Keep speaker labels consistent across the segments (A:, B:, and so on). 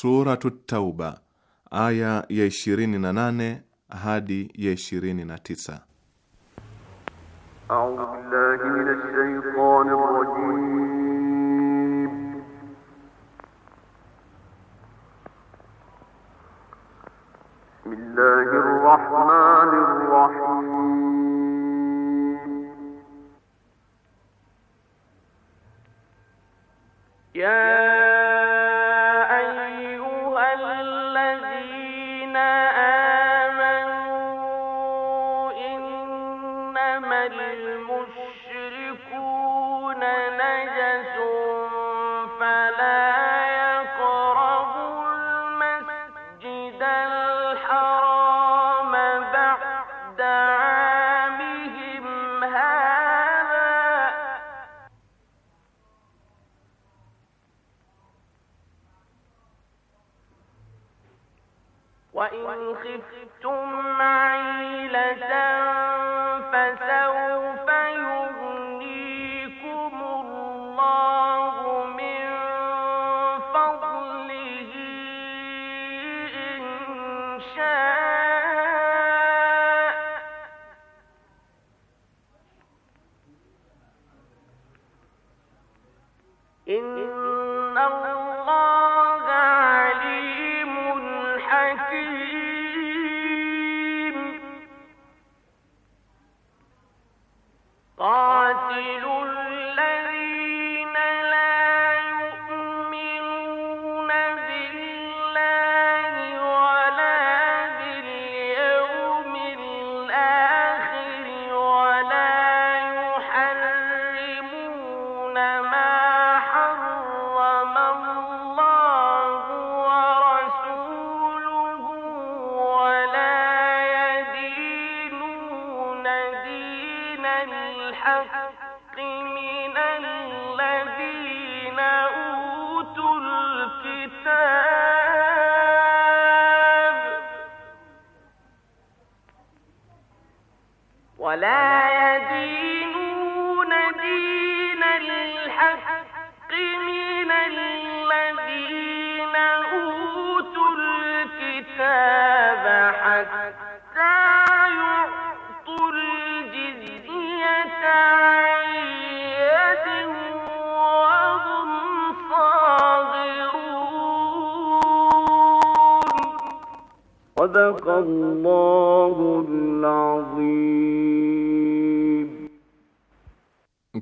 A: Suratu Tauba aya ya 28 hadi ya 29. na tisa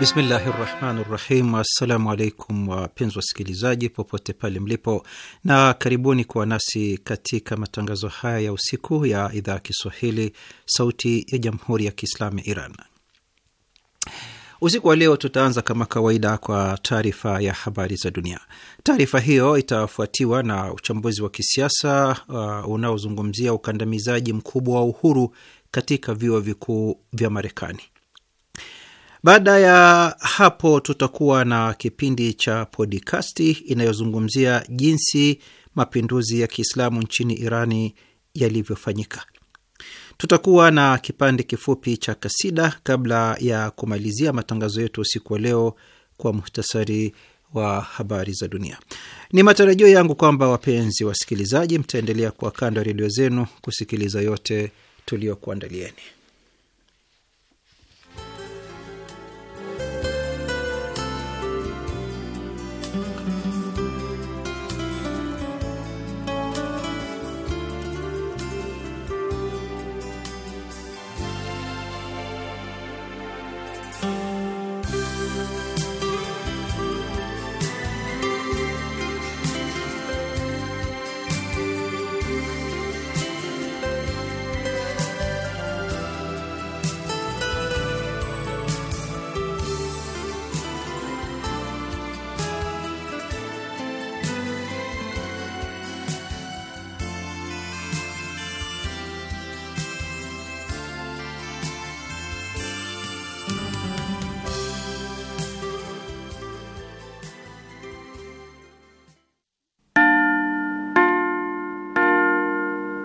B: Bismillahi rahmani rahim. Assalamu alaikum wapenzi wasikilizaji popote pale mlipo, na karibuni kuwa nasi katika matangazo haya ya usiku ya idhaa ya Kiswahili sauti ya jamhuri ya Kiislamu ya Iran. Usiku wa leo tutaanza kama kawaida kwa taarifa ya habari za dunia. Taarifa hiyo itafuatiwa na uchambuzi wa kisiasa uh, unaozungumzia ukandamizaji mkubwa wa uhuru katika vyuo vikuu vya Marekani. Baada ya hapo, tutakuwa na kipindi cha podikasti inayozungumzia jinsi mapinduzi ya Kiislamu nchini Irani yalivyofanyika. Tutakuwa na kipande kifupi cha kasida kabla ya kumalizia matangazo yetu usiku wa leo kwa muhtasari wa habari za dunia. Ni matarajio yangu kwamba wapenzi wasikilizaji, mtaendelea kuwa kando ya redio zenu kusikiliza yote tuliyokuandalieni.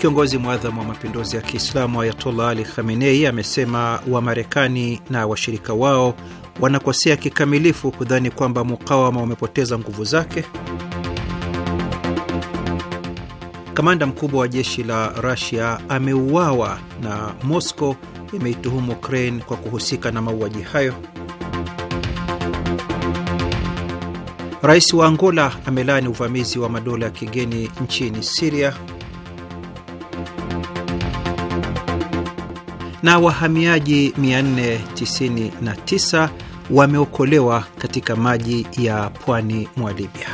B: Kiongozi mwadhamu wa mapinduzi ya Kiislamu Ayatollah Ali Khamenei amesema Wamarekani na washirika wao wanakosea kikamilifu kudhani kwamba mukawama umepoteza nguvu zake. Kamanda mkubwa wa jeshi la Rusia ameuawa na Moscow imeituhumu Ukraine kwa kuhusika na mauaji hayo. Rais wa Angola amelaani uvamizi wa madola ya kigeni nchini Siria. na wahamiaji 499 wameokolewa katika maji ya pwani mwa Libya.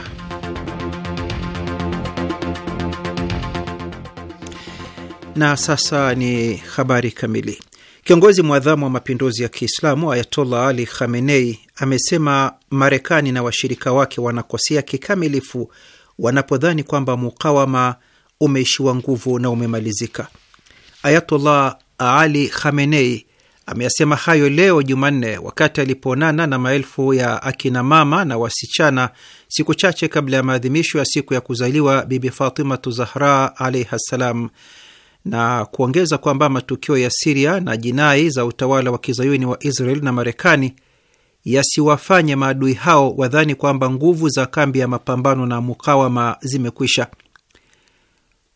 B: Na sasa ni habari kamili. Kiongozi mwadhamu wa mapinduzi ya Kiislamu Ayatollah Ali Khamenei amesema Marekani na washirika wake wanakosea kikamilifu wanapodhani kwamba mukawama umeishiwa nguvu na umemalizika. Ayatollah ali Khamenei ameyasema hayo leo Jumanne wakati alipoonana na maelfu ya akina mama na wasichana siku chache kabla ya maadhimisho ya siku ya kuzaliwa Bibi Fatimatu Zahra alaihi ssalam, na kuongeza kwamba matukio ya Siria na jinai za utawala wa kizayuni wa Israel na Marekani yasiwafanye maadui hao wadhani kwamba nguvu za kambi ya mapambano na mukawama zimekwisha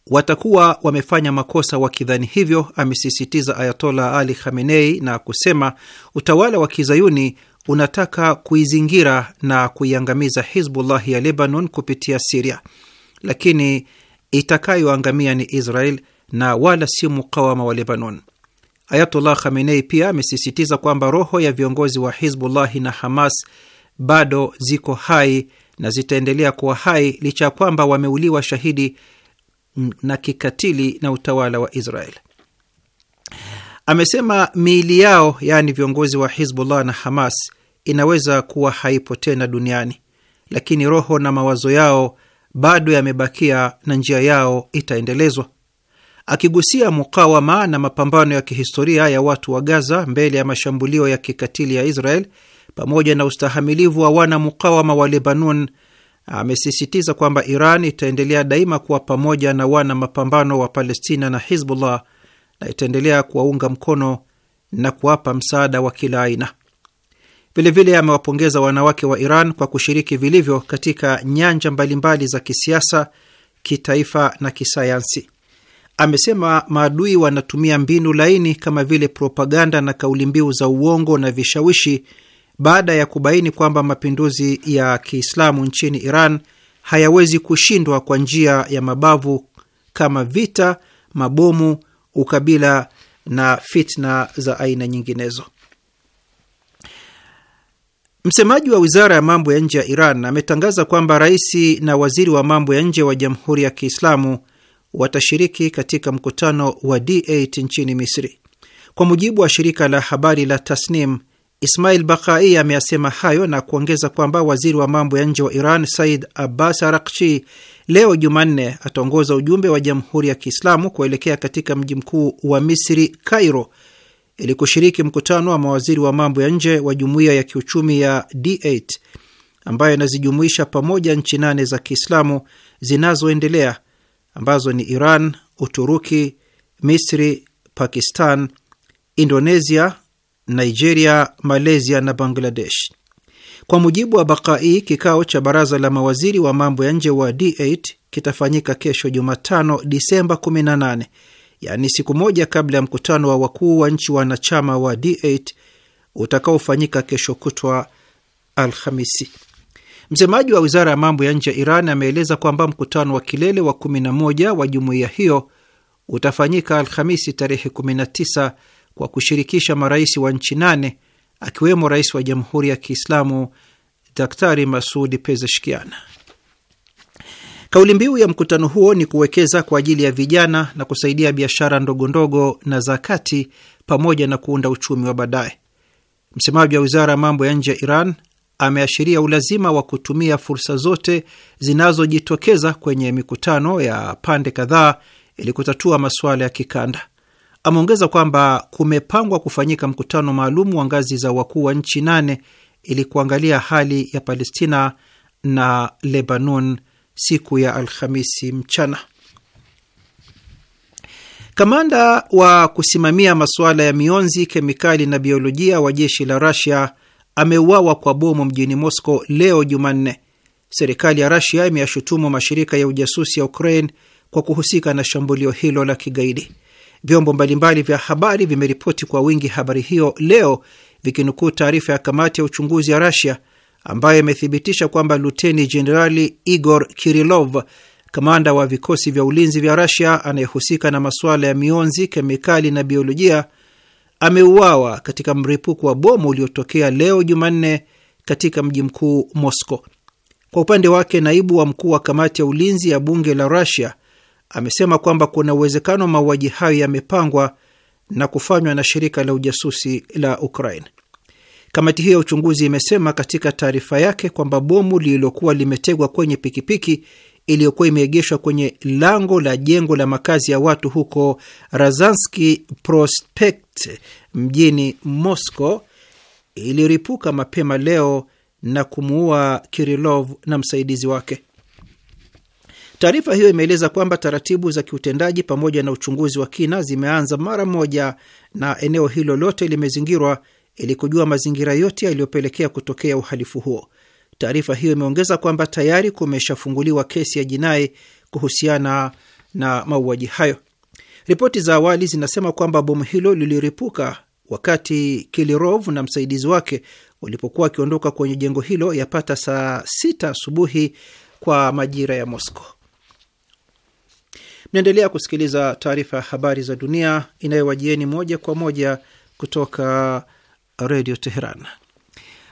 B: watakuwa wamefanya makosa wakidhani hivyo, amesisitiza Ayatola Ali Khamenei na kusema utawala wa kizayuni unataka kuizingira na kuiangamiza Hizbullah ya Lebanon kupitia Siria, lakini itakayoangamia ni Israel na wala si mukawama wa Lebanon. ayatollah Khamenei pia amesisitiza kwamba roho ya viongozi wa Hizbullahi na Hamas bado ziko hai na zitaendelea kuwa hai licha ya kwamba wameuliwa shahidi na kikatili na utawala wa Israel. Amesema miili yao, yaani viongozi wa Hizbullah na Hamas, inaweza kuwa haipo tena duniani, lakini roho na mawazo yao bado yamebakia na njia yao itaendelezwa. Akigusia mukawama na mapambano ya kihistoria ya watu wa Gaza mbele ya mashambulio ya kikatili ya Israel pamoja na ustahamilivu wa wana mukawama wa Lebanon amesisitiza kwamba Iran itaendelea daima kuwa pamoja na wana mapambano wa Palestina na Hizbullah na itaendelea kuwaunga mkono na kuwapa msaada wa kila aina. Vilevile amewapongeza wanawake wa Iran kwa kushiriki vilivyo katika nyanja mbalimbali za kisiasa, kitaifa na kisayansi. Amesema maadui wanatumia mbinu laini kama vile propaganda na kauli mbiu za uongo na vishawishi baada ya kubaini kwamba mapinduzi ya Kiislamu nchini Iran hayawezi kushindwa kwa njia ya mabavu kama vita, mabomu, ukabila na fitna za aina nyinginezo. Msemaji wa wizara ya mambo ya nje ya Iran ametangaza kwamba rais na waziri wa mambo ya nje wa Jamhuri ya Kiislamu watashiriki katika mkutano wa D8 nchini Misri. Kwa mujibu wa shirika la habari la Tasnim, Ismail Bakai ameyasema hayo na kuongeza kwamba waziri wa mambo ya nje wa Iran Said Abbas Arakchi leo Jumanne ataongoza ujumbe wa Jamhuri ya Kiislamu kuelekea katika mji mkuu wa Misri, Cairo, ili kushiriki mkutano wa mawaziri wa mambo ya nje wa Jumuiya ya Kiuchumi ya D8 ambayo inazijumuisha pamoja nchi nane za Kiislamu zinazoendelea ambazo ni Iran, Uturuki, Misri, Pakistan, Indonesia, Nigeria, Malaysia na Bangladesh. Kwa mujibu wa Bakai, kikao cha baraza la mawaziri wa mambo ya nje wa D8 kitafanyika kesho Jumatano, Disemba 18, yaani siku moja kabla ya mkutano wa wakuu wa nchi wanachama wa D8 utakaofanyika kesho kutwa Alhamisi. Msemaji wa wizara ya mambo ya nje ya Iran ameeleza kwamba mkutano wa kilele wa 11 wa jumuiya hiyo utafanyika Alhamisi tarehe 19 kwa kushirikisha marais wa nchi nane akiwemo rais wa Jamhuri ya Kiislamu Daktari Masudi Pezeshkian. Kauli mbiu ya mkutano huo ni kuwekeza kwa ajili ya vijana na kusaidia biashara ndogo ndogo na zakati pamoja na kuunda uchumi wa baadaye. Msemaji wa wizara ya mambo ya nje ya Iran ameashiria ulazima wa kutumia fursa zote zinazojitokeza kwenye mikutano ya pande kadhaa ili kutatua masuala ya kikanda. Ameongeza kwamba kumepangwa kufanyika mkutano maalum wa ngazi za wakuu wa nchi nane ili kuangalia hali ya Palestina na Lebanon siku ya Alhamisi mchana. Kamanda wa kusimamia masuala ya mionzi, kemikali na biolojia wa jeshi la Rasia ameuawa kwa bomu mjini Moscow leo Jumanne. Serikali ya Rasia imeyashutumu mashirika ya ujasusi ya Ukraine kwa kuhusika na shambulio hilo la kigaidi. Vyombo mbalimbali vya habari vimeripoti kwa wingi habari hiyo leo vikinukuu taarifa ya kamati ya uchunguzi ya Rasia ambayo imethibitisha kwamba luteni jenerali Igor Kirilov, kamanda wa vikosi vya ulinzi vya Rasia anayehusika na masuala ya mionzi, kemikali na biolojia, ameuawa katika mripuko wa bomu uliotokea leo Jumanne katika mji mkuu Moscow. Kwa upande wake, naibu wa mkuu wa kamati ya ulinzi ya bunge la Rasia amesema kwamba kuna uwezekano mauaji hayo yamepangwa na kufanywa na shirika la ujasusi la Ukraine. Kamati hiyo ya uchunguzi imesema katika taarifa yake kwamba bomu lililokuwa limetegwa kwenye pikipiki iliyokuwa imeegeshwa kwenye lango la jengo la makazi ya watu huko Razanski Prospect mjini Moscow iliripuka mapema leo na kumuua Kirilov na msaidizi wake. Taarifa hiyo imeeleza kwamba taratibu za kiutendaji pamoja na uchunguzi wa kina zimeanza mara moja na eneo hilo lote limezingirwa ili kujua mazingira yote yaliyopelekea kutokea uhalifu huo. Taarifa hiyo imeongeza kwamba tayari kumeshafunguliwa kesi ya jinai kuhusiana na mauaji hayo. Ripoti za awali zinasema kwamba bomu hilo liliripuka wakati Kilirov na msaidizi wake walipokuwa wakiondoka kwenye jengo hilo yapata saa sita asubuhi kwa majira ya Moscow. Mnaendelea kusikiliza taarifa ya habari za dunia inayowajieni moja kwa moja kutoka redio Teheran.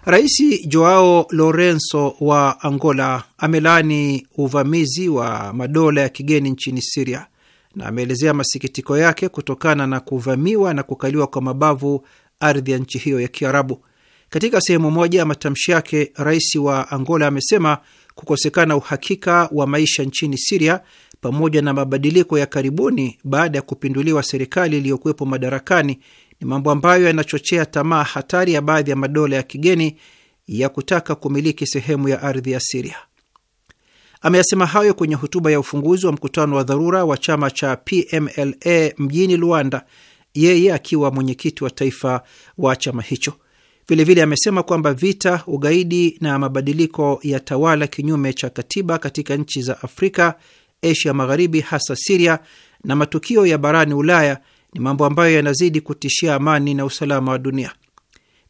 B: Rais Joao Lorenzo wa Angola amelaani uvamizi wa madola ya kigeni nchini Siria na ameelezea masikitiko yake kutokana na kuvamiwa na kukaliwa kwa mabavu ardhi ya nchi hiyo ya Kiarabu. Katika sehemu moja ya matamshi yake, rais wa Angola amesema kukosekana uhakika wa maisha nchini Siria pamoja na mabadiliko ya karibuni baada ya kupinduliwa serikali iliyokuwepo madarakani ni mambo ambayo yanachochea tamaa hatari ya baadhi ya madola ya kigeni ya kutaka kumiliki sehemu ya ardhi ya Siria. Ameyasema hayo kwenye hotuba ya ufunguzi wa mkutano wa dharura wa chama cha PMLA mjini Luanda, yeye akiwa mwenyekiti wa taifa wa chama hicho. Vilevile vile amesema kwamba vita, ugaidi na mabadiliko ya tawala kinyume cha katiba katika nchi za Afrika Asia Magharibi, hasa Siria, na matukio ya barani Ulaya ni mambo ambayo yanazidi kutishia amani na usalama wa dunia.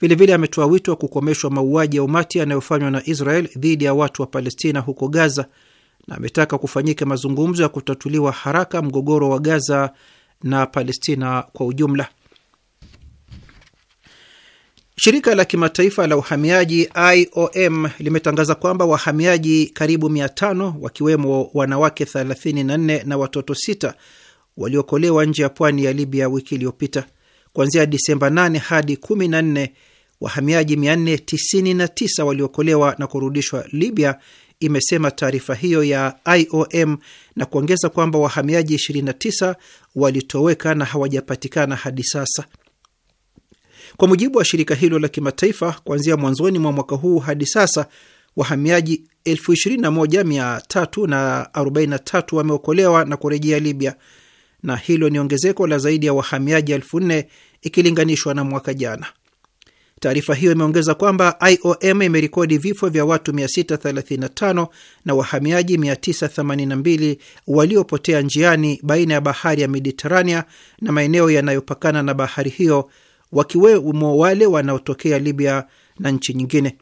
B: Vilevile ametoa wito wa kukomeshwa mauaji ya umati yanayofanywa na Israel dhidi ya watu wa Palestina huko Gaza, na ametaka kufanyika mazungumzo ya kutatuliwa haraka mgogoro wa Gaza na Palestina kwa ujumla. Shirika la kimataifa la uhamiaji IOM limetangaza kwamba wahamiaji karibu 500 wakiwemo wanawake 34 na watoto 6 waliokolewa nje ya pwani ya Libya wiki iliyopita. Kuanzia Disemba 8 hadi 14, wahamiaji 499 waliokolewa na kurudishwa Libya, imesema taarifa hiyo ya IOM na kuongeza kwamba wahamiaji 29 walitoweka na hawajapatikana hadi sasa. Kwa mujibu wa shirika hilo la kimataifa, kuanzia mwanzoni mwa mwaka huu hadi sasa wahamiaji 21343 wameokolewa na kurejea Libya, na hilo ni ongezeko la zaidi ya wahamiaji 4000 ikilinganishwa na mwaka jana. Taarifa hiyo imeongeza kwamba IOM imerekodi vifo vya watu 635 na wahamiaji 982 waliopotea njiani baina ya bahari ya Mediterania na maeneo yanayopakana na bahari hiyo wakiwemo wale wanaotokea Libya na nchi nyingine.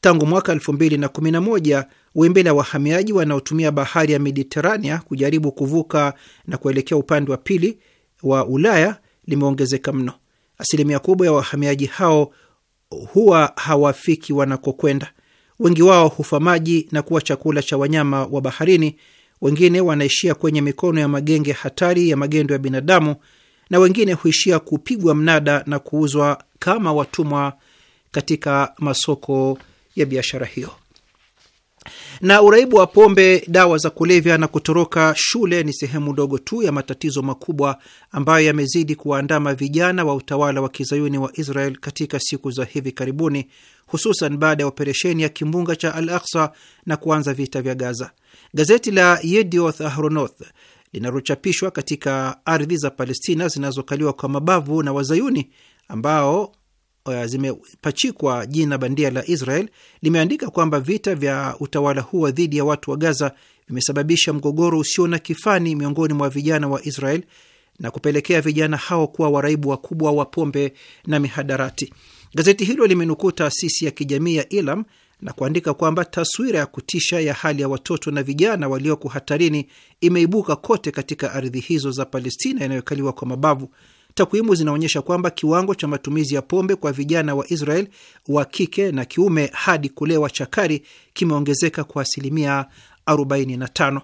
B: Tangu mwaka 2011 wimbi la wahamiaji wanaotumia bahari ya Mediterania kujaribu kuvuka na kuelekea upande wa pili wa Ulaya limeongezeka mno. Asilimia kubwa ya wahamiaji hao huwa hawafiki wanakokwenda. Wengi wao hufa maji na kuwa chakula cha wanyama wa baharini. Wengine wanaishia kwenye mikono ya magenge hatari ya magendo ya binadamu na wengine huishia kupigwa mnada na kuuzwa kama watumwa katika masoko ya biashara hiyo. Na uraibu wa pombe, dawa za kulevya na kutoroka shule ni sehemu ndogo tu ya matatizo makubwa ambayo yamezidi kuwaandama vijana wa utawala wa kizayuni wa Israel katika siku za hivi karibuni, hususan baada ya operesheni ya kimbunga cha Al Aksa na kuanza vita vya Gaza. Gazeti la Yedioth Ahronoth linalochapishwa katika ardhi za Palestina zinazokaliwa kwa mabavu na Wazayuni ambao uh, zimepachikwa jina bandia la Israel limeandika kwamba vita vya utawala huo dhidi ya watu wa Gaza vimesababisha mgogoro usio na kifani miongoni mwa vijana wa Israel na kupelekea vijana hao kuwa waraibu wakubwa wa pombe na mihadarati. Gazeti hilo limenukuu taasisi ya kijamii ya Ilam na kuandika kwamba taswira ya kutisha ya hali ya watoto na vijana walioko hatarini imeibuka kote katika ardhi hizo za Palestina inayokaliwa kwa mabavu. Takwimu zinaonyesha kwamba kiwango cha matumizi ya pombe kwa vijana wa Israel wa kike na kiume hadi kulewa chakari kimeongezeka kwa asilimia 45.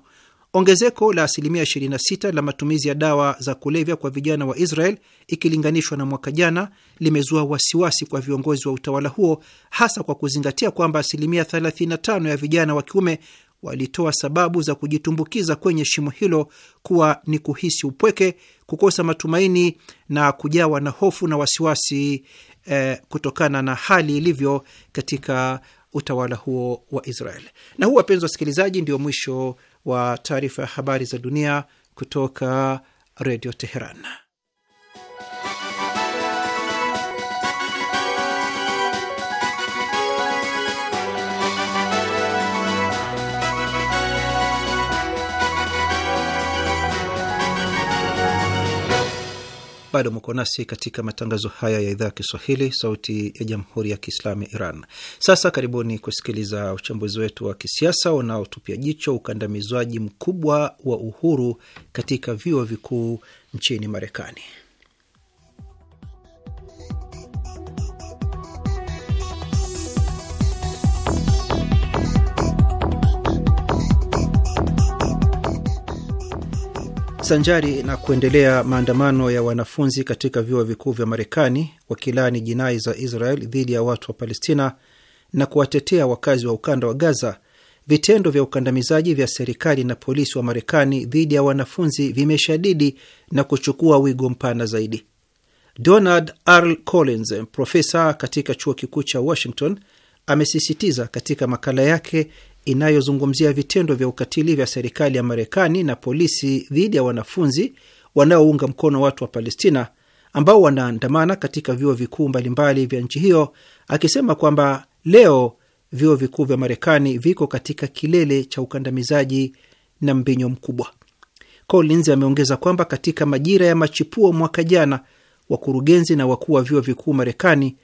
B: Ongezeko la asilimia 26 la matumizi ya dawa za kulevya kwa vijana wa Israel ikilinganishwa na mwaka jana limezua wasiwasi kwa viongozi wa utawala huo, hasa kwa kuzingatia kwamba asilimia 35 ya vijana wa kiume walitoa sababu za kujitumbukiza kwenye shimo hilo kuwa ni kuhisi upweke, kukosa matumaini na kujawa na hofu na wasiwasi eh, kutokana na hali ilivyo katika utawala huo wa Israel. Na huu, wapenzi wasikilizaji, ndio mwisho wa taarifa ya habari za dunia kutoka Redio Teheran. Bado mko nasi katika matangazo haya ya idhaa ya Kiswahili, sauti ya jamhuri ya kiislamu ya Iran. Sasa karibuni kusikiliza uchambuzi wetu wa kisiasa unaotupia jicho ukandamizwaji mkubwa wa uhuru katika vyuo vikuu nchini Marekani. sanjari na kuendelea maandamano ya wanafunzi katika vyuo vikuu vya Marekani wakilaani jinai za Israel dhidi ya watu wa Palestina na kuwatetea wakazi wa ukanda wa Gaza, vitendo vya ukandamizaji vya serikali na polisi wa Marekani dhidi ya wanafunzi vimeshadidi na kuchukua wigo mpana zaidi. Donald arl Collins, profesa katika chuo kikuu cha Washington, amesisitiza katika makala yake inayozungumzia vitendo vya ukatili vya serikali ya Marekani na polisi dhidi ya wanafunzi wanaounga mkono watu wa Palestina ambao wanaandamana katika vyuo vikuu mbalimbali vya nchi hiyo, akisema kwamba leo vyuo vikuu vya Marekani viko katika kilele cha ukandamizaji na mbinyo mkubwa. Collins ameongeza kwamba katika majira ya machipuo mwaka jana, wakurugenzi na wakuu wa vyuo vikuu Marekani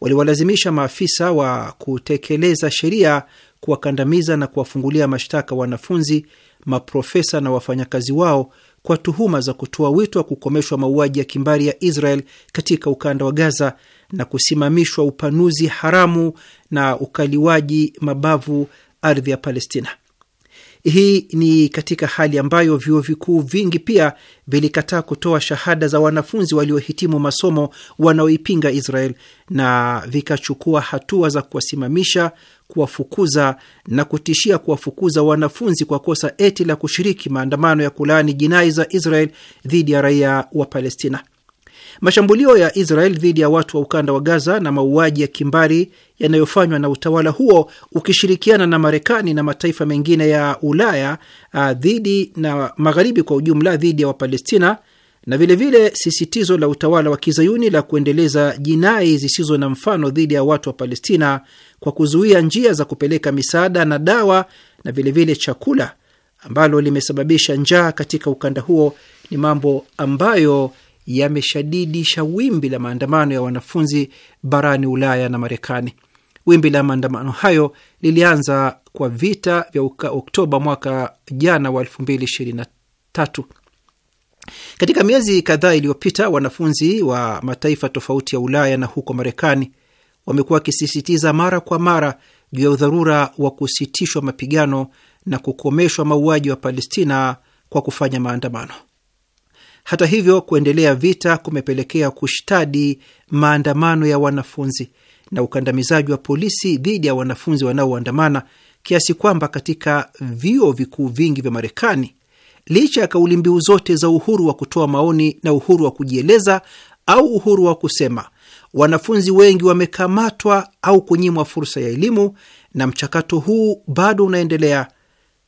B: waliwalazimisha maafisa wa kutekeleza sheria kuwakandamiza na kuwafungulia mashtaka wanafunzi, maprofesa na wafanyakazi wao kwa tuhuma za kutoa wito wa kukomeshwa mauaji ya kimbari ya Israel katika ukanda wa Gaza na kusimamishwa upanuzi haramu na ukaliwaji mabavu ardhi ya Palestina. Hii ni katika hali ambayo vyuo vikuu vingi pia vilikataa kutoa shahada za wanafunzi waliohitimu masomo wanaoipinga Israel na vikachukua hatua za kuwasimamisha, kuwafukuza na kutishia kuwafukuza wanafunzi kwa kosa eti la kushiriki maandamano ya kulaani jinai za Israel dhidi ya raia wa Palestina. Mashambulio ya Israel dhidi ya watu wa ukanda wa Gaza na mauaji ya kimbari yanayofanywa na utawala huo ukishirikiana na Marekani na mataifa mengine ya Ulaya ah, dhidi na magharibi kwa ujumla dhidi ya Wapalestina na vilevile vile sisitizo la utawala wa kizayuni la kuendeleza jinai zisizo na mfano dhidi ya watu wa Palestina kwa kuzuia njia za kupeleka misaada na dawa na vilevile vile chakula ambalo limesababisha njaa katika ukanda huo ni mambo ambayo yameshadidisha wimbi la maandamano ya wanafunzi barani Ulaya na Marekani. Wimbi la maandamano hayo lilianza kwa vita vya Oktoba mwaka jana wa 2023. Katika miezi kadhaa iliyopita, wanafunzi wa mataifa tofauti ya Ulaya na huko Marekani wamekuwa wakisisitiza mara kwa mara juu ya udharura wa kusitishwa mapigano na kukomeshwa mauaji wa Palestina kwa kufanya maandamano. Hata hivyo, kuendelea vita kumepelekea kushtadi maandamano ya wanafunzi na ukandamizaji wa polisi dhidi ya wanafunzi wanaoandamana kiasi kwamba katika vyuo vikuu vingi vya Marekani licha ya kauli mbiu zote za uhuru wa kutoa maoni na uhuru wa kujieleza au uhuru wa kusema, wanafunzi wengi wamekamatwa au kunyimwa fursa ya elimu, na mchakato huu bado unaendelea,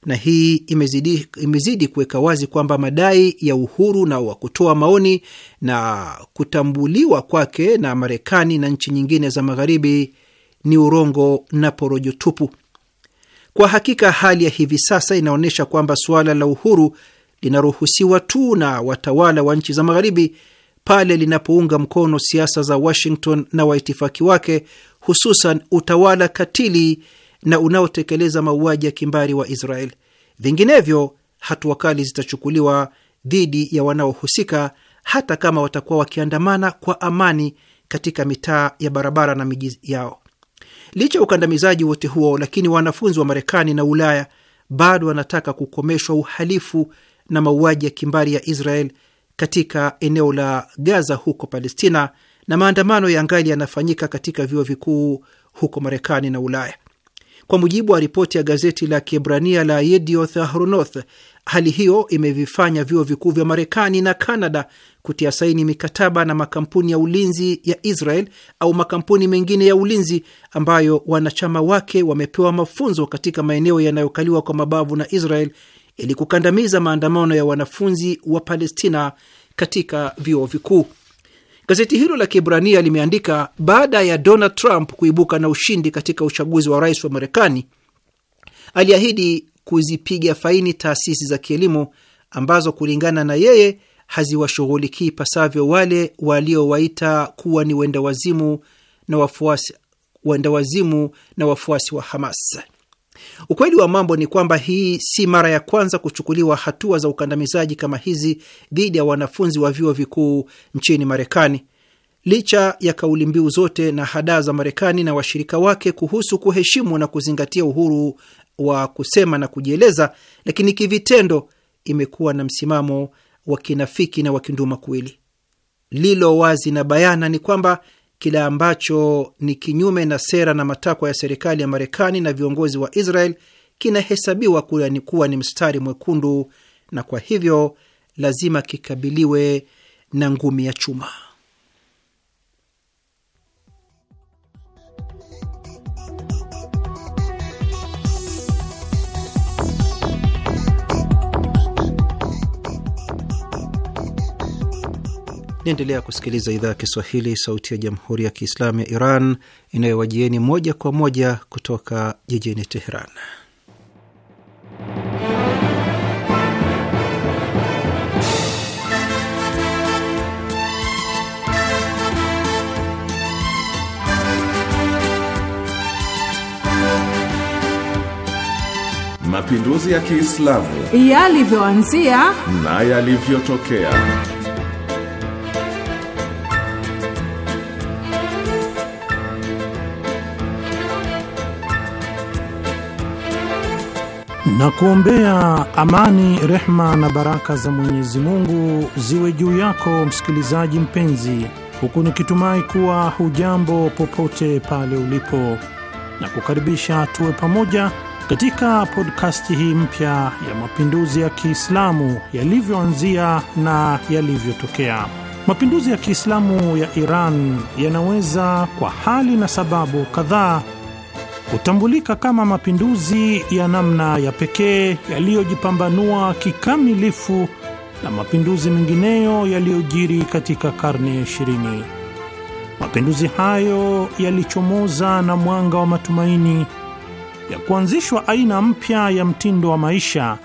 B: na hii imezidi, imezidi kuweka wazi kwamba madai ya uhuru na wa kutoa maoni na kutambuliwa kwake na Marekani na nchi nyingine za Magharibi ni urongo na porojo tupu. Kwa hakika hali ya hivi sasa inaonyesha kwamba suala la uhuru linaruhusiwa tu na watawala wa nchi za Magharibi pale linapounga mkono siasa za Washington na waitifaki wake, hususan utawala katili na unaotekeleza mauaji ya kimbari wa Israel. Vinginevyo, hatua kali zitachukuliwa dhidi ya wanaohusika, hata kama watakuwa wakiandamana kwa amani katika mitaa ya barabara na miji yao. Licha ya ukandamizaji wote huo, lakini wanafunzi wa Marekani na Ulaya bado wanataka kukomeshwa uhalifu na mauaji ya kimbari ya Israel katika eneo la Gaza huko Palestina, na maandamano ya ngali yanafanyika katika vyuo vikuu huko Marekani na Ulaya. Kwa mujibu wa ripoti ya gazeti la Kiebrania la Yedioth Ahronoth, hali hiyo imevifanya vyuo vikuu vya Marekani na Kanada kutia saini mikataba na makampuni ya ulinzi ya Israel au makampuni mengine ya ulinzi ambayo wanachama wake wamepewa mafunzo katika maeneo yanayokaliwa kwa mabavu na Israel ili kukandamiza maandamano ya wanafunzi wa Palestina katika vyuo vikuu. Gazeti hilo la kibrania limeandika baada ya Donald Trump kuibuka na ushindi katika uchaguzi wa rais wa Marekani, aliahidi kuzipiga faini taasisi za kielimu ambazo kulingana na yeye haziwashughulikii pasavyo wale waliowaita kuwa ni na wafuasi wendawazimu na wafuasi wa Hamas. Ukweli wa mambo ni kwamba hii si mara ya kwanza kuchukuliwa hatua za ukandamizaji kama hizi dhidi ya wanafunzi wa vyuo vikuu nchini Marekani. Licha ya kauli mbiu zote na hadaa za Marekani na washirika wake kuhusu kuheshimu na kuzingatia uhuru wa kusema na kujieleza, lakini kivitendo imekuwa na msimamo wa kinafiki na wa kinduma kuwili. Lilo wazi na bayana ni kwamba kile ambacho ni kinyume na sera na matakwa ya serikali ya Marekani na viongozi wa Israel kinahesabiwa kuwa ni mstari mwekundu na kwa hivyo lazima kikabiliwe na ngumi ya chuma. Naendelea kusikiliza idhaa ya Kiswahili, sauti ya jamhuri ya kiislamu ya Iran inayowajieni moja kwa moja kutoka jijini Teheran.
A: Mapinduzi ya Kiislamu yalivyoanzia na yalivyotokea
C: na kuombea amani, rehma na baraka za Mwenyezi Mungu ziwe juu yako msikilizaji mpenzi, huku nikitumai kuwa hujambo popote pale ulipo, na kukaribisha tuwe pamoja katika podkasti hii mpya ya mapinduzi ya Kiislamu yalivyoanzia na yalivyotokea. Mapinduzi ya Kiislamu ya Iran yanaweza kwa hali na sababu kadhaa hutambulika kama mapinduzi ya namna ya pekee yaliyojipambanua kikamilifu na mapinduzi mengineyo yaliyojiri katika karne ya ishirini. Mapinduzi hayo yalichomoza na mwanga wa matumaini ya kuanzishwa aina mpya ya mtindo wa maisha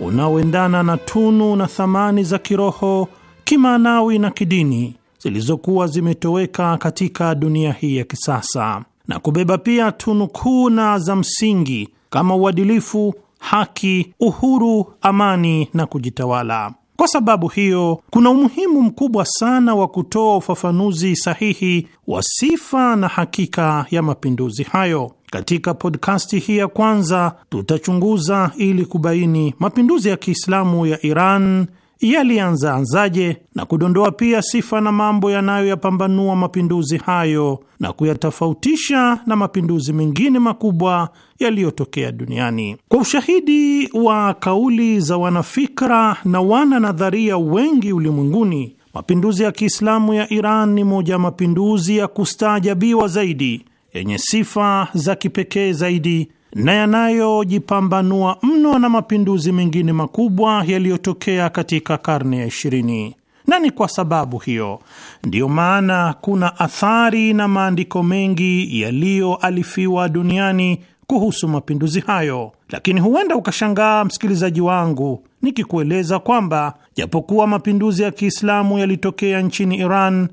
C: unaoendana na tunu na thamani za kiroho, kimaanawi na kidini zilizokuwa zimetoweka katika dunia hii ya kisasa na kubeba pia tunu kuu na za msingi kama uadilifu, haki, uhuru, amani na kujitawala. Kwa sababu hiyo, kuna umuhimu mkubwa sana wa kutoa ufafanuzi sahihi wa sifa na hakika ya mapinduzi hayo. Katika podkasti hii ya kwanza tutachunguza ili kubaini mapinduzi ya Kiislamu ya Iran yalianza anzaje na kudondoa pia sifa na mambo yanayoyapambanua mapinduzi hayo na kuyatofautisha na mapinduzi mengine makubwa yaliyotokea duniani. Kwa ushahidi wa kauli za wanafikra na wananadharia wengi ulimwenguni, mapinduzi ya Kiislamu ya Iran ni moja ya mapinduzi ya kustaajabiwa zaidi yenye sifa za kipekee zaidi na yanayojipambanua mno na mapinduzi mengine makubwa yaliyotokea katika karne ya ishirini, na ni kwa sababu hiyo ndiyo maana kuna athari na maandiko mengi yaliyoalifiwa duniani kuhusu mapinduzi hayo. Lakini huenda ukashangaa msikilizaji wangu nikikueleza kwamba japokuwa mapinduzi ya Kiislamu yalitokea nchini Iran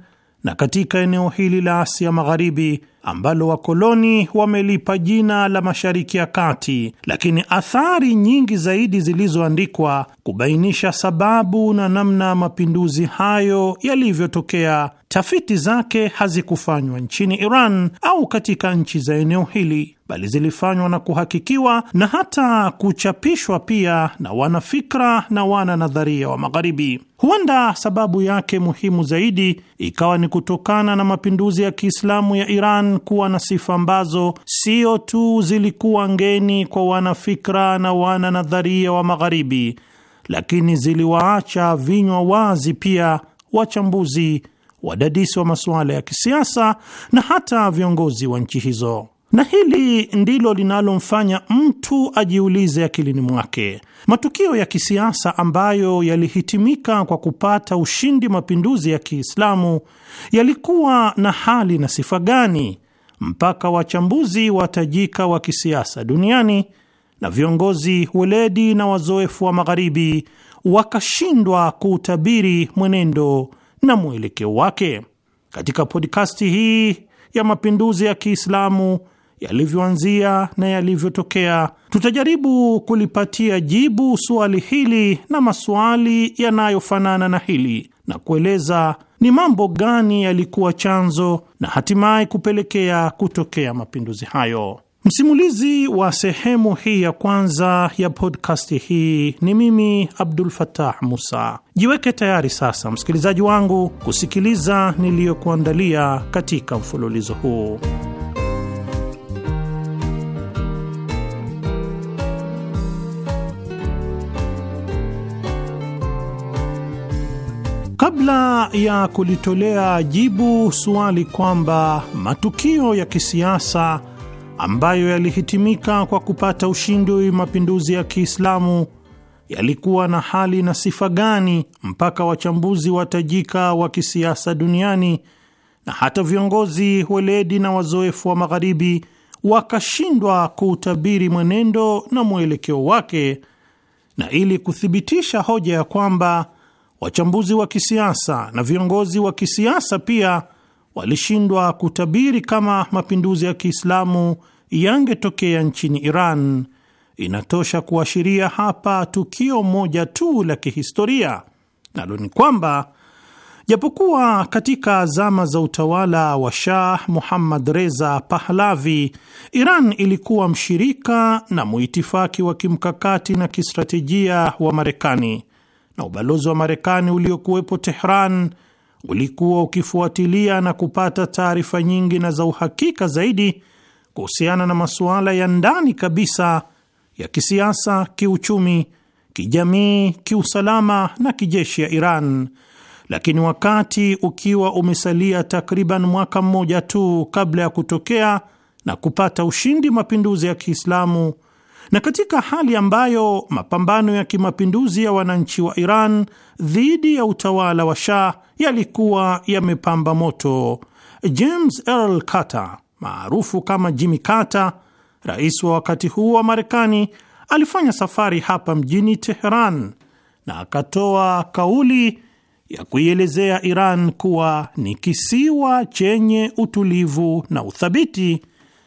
C: na katika eneo hili la Asia Magharibi ambalo wakoloni wamelipa jina la Mashariki ya Kati, lakini athari nyingi zaidi zilizoandikwa kubainisha sababu na namna mapinduzi hayo yalivyotokea, tafiti zake hazikufanywa nchini Iran au katika nchi za eneo hili bali zilifanywa na kuhakikiwa na hata kuchapishwa pia na wanafikra na wana nadharia wa Magharibi. Huenda sababu yake muhimu zaidi ikawa ni kutokana na mapinduzi ya Kiislamu ya Iran kuwa na sifa ambazo sio tu zilikuwa ngeni kwa wanafikra na wana nadharia wa Magharibi, lakini ziliwaacha vinywa wazi pia wachambuzi, wadadisi wa masuala ya kisiasa na hata viongozi wa nchi hizo na hili ndilo linalomfanya mtu ajiulize akilini mwake, matukio ya kisiasa ambayo yalihitimika kwa kupata ushindi mapinduzi ya Kiislamu yalikuwa na hali na sifa gani mpaka wachambuzi watajika wa kisiasa duniani na viongozi weledi na wazoefu wa Magharibi wakashindwa kuutabiri mwenendo na mwelekeo wake. Katika podkasti hii ya mapinduzi ya Kiislamu yalivyoanzia na yalivyotokea. Tutajaribu kulipatia jibu suali hili na masuali yanayofanana na hili na kueleza ni mambo gani yalikuwa chanzo na hatimaye kupelekea kutokea mapinduzi hayo. Msimulizi wa sehemu hii ya kwanza ya podkasti hii ni mimi Abdul fatah Musa. Jiweke tayari sasa, msikilizaji wangu, kusikiliza niliyokuandalia katika mfululizo huu. Kabla ya kulitolea jibu suali kwamba matukio ya kisiasa ambayo yalihitimika kwa kupata ushindi mapinduzi ya Kiislamu yalikuwa na hali na sifa gani mpaka wachambuzi watajika wa kisiasa duniani na hata viongozi weledi na wazoefu wa Magharibi wakashindwa kuutabiri mwenendo na mwelekeo wake, na ili kuthibitisha hoja ya kwamba wachambuzi wa kisiasa na viongozi wa kisiasa pia walishindwa kutabiri kama mapinduzi ya Kiislamu yangetokea nchini Iran. Inatosha kuashiria hapa tukio moja tu la kihistoria, nalo ni kwamba japokuwa katika zama za utawala wa Shah Muhammad Reza Pahlavi, Iran ilikuwa mshirika na mwitifaki wa kimkakati na kistratejia wa Marekani na ubalozi wa Marekani uliokuwepo Tehran ulikuwa ukifuatilia na kupata taarifa nyingi na za uhakika zaidi kuhusiana na masuala ya ndani kabisa ya kisiasa, kiuchumi, kijamii, kiusalama na kijeshi ya Iran. Lakini wakati ukiwa umesalia takriban mwaka mmoja tu kabla ya kutokea na kupata ushindi mapinduzi ya Kiislamu na katika hali ambayo mapambano ya kimapinduzi ya wananchi wa Iran dhidi ya utawala wa Shah yalikuwa yamepamba moto, James Earl Carter maarufu kama Jimmy Carter, rais wa wakati huo wa Marekani, alifanya safari hapa mjini Teheran na akatoa kauli ya kuielezea Iran kuwa ni kisiwa chenye utulivu na uthabiti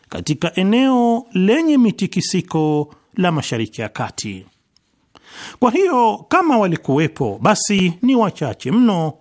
C: katika eneo lenye mitikisiko la Mashariki ya Kati. Kwa hiyo kama walikuwepo, basi ni wachache mno,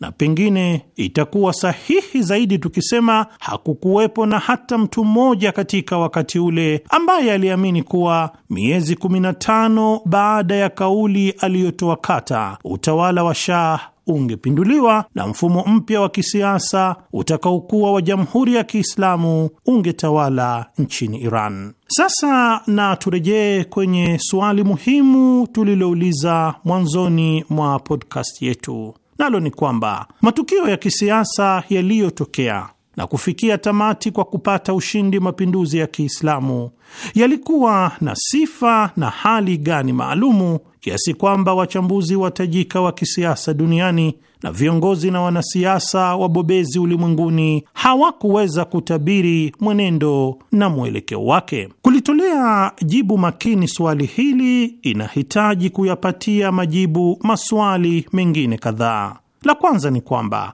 C: na pengine itakuwa sahihi zaidi tukisema hakukuwepo na hata mtu mmoja katika wakati ule ambaye aliamini kuwa miezi 15 baada ya kauli aliyotoa Kata, utawala wa Shah ungepinduliwa na mfumo mpya wa kisiasa utakaokuwa wa Jamhuri ya Kiislamu ungetawala nchini Iran. Sasa na turejee kwenye suali muhimu tulilouliza mwanzoni mwa podcast yetu, nalo ni kwamba matukio ya kisiasa yaliyotokea na kufikia tamati kwa kupata ushindi mapinduzi ya Kiislamu yalikuwa na sifa na hali gani maalumu kiasi kwamba wachambuzi watajika wa kisiasa duniani na viongozi na wanasiasa wabobezi ulimwenguni hawakuweza kutabiri mwenendo na mwelekeo wake. Kulitolea jibu makini swali hili inahitaji kuyapatia majibu maswali mengine kadhaa. La kwanza ni kwamba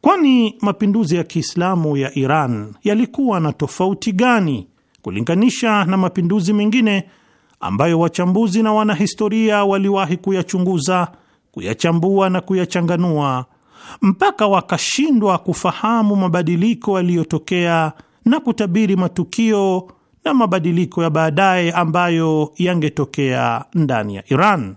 C: kwani mapinduzi ya Kiislamu ya Iran yalikuwa na tofauti gani kulinganisha na mapinduzi mengine ambayo wachambuzi na wanahistoria waliwahi kuyachunguza, kuyachambua na kuyachanganua mpaka wakashindwa kufahamu mabadiliko yaliyotokea na kutabiri matukio na mabadiliko ya baadaye ambayo yangetokea ndani ya Iran.